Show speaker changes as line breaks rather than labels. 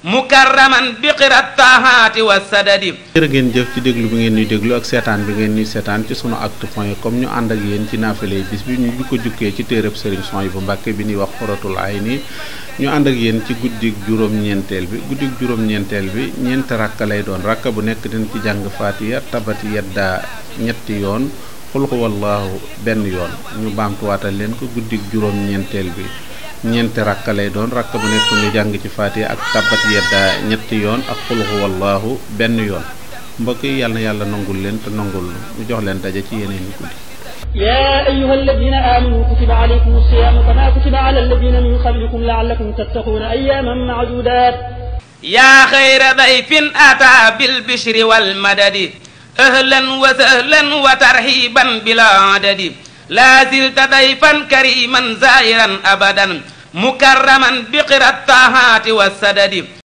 mukarraman bi qirat tahaati wa sadadi
jërë ngeen jëf ci déglu bi ngeen ñuy déglu ak seetaan bi ngeen ñuy seetaan ci sunu actu point comme ñu ànd ak yéen ci naafale bis bi ñu ko jukkee ci téereb Serigne bu Mbacké bi ñuy wax xoratul ay nii ñu ànd ak yéen ci guddig juróom-ñeenteel bi guddig juróom-ñeenteel bi ñeent rakka lay doon rakka bu nekk dina ci jàng faatiya tabati yaddaa ñetti yoon xul wallaahu benn yoon ñu baamtuwaatal leen ko guddig juróom-ñeenteel bi ñeenti rakk lay doon rakk bu nekk ñu jàng ci faatiha ak tabbat yeddaa ñetti yoon ak xulxu wallaahu benn yoon mbokk yi yàlla na yàlla nangul leen te nangul mu jox daje ci yeneen i guddi
يا أيها الذين آمنوا كتب عليكم الصيام كما كتب على الذين من قبلكم لعلكم تتقون أياما معدودات يا
خير ضيف أتى بالبشر والمدد أهلا وسهلا وترحيبا بلا عدد laa zilta dayfan kariman zairan abadan mukarraman biqirat tahaati wa sadadi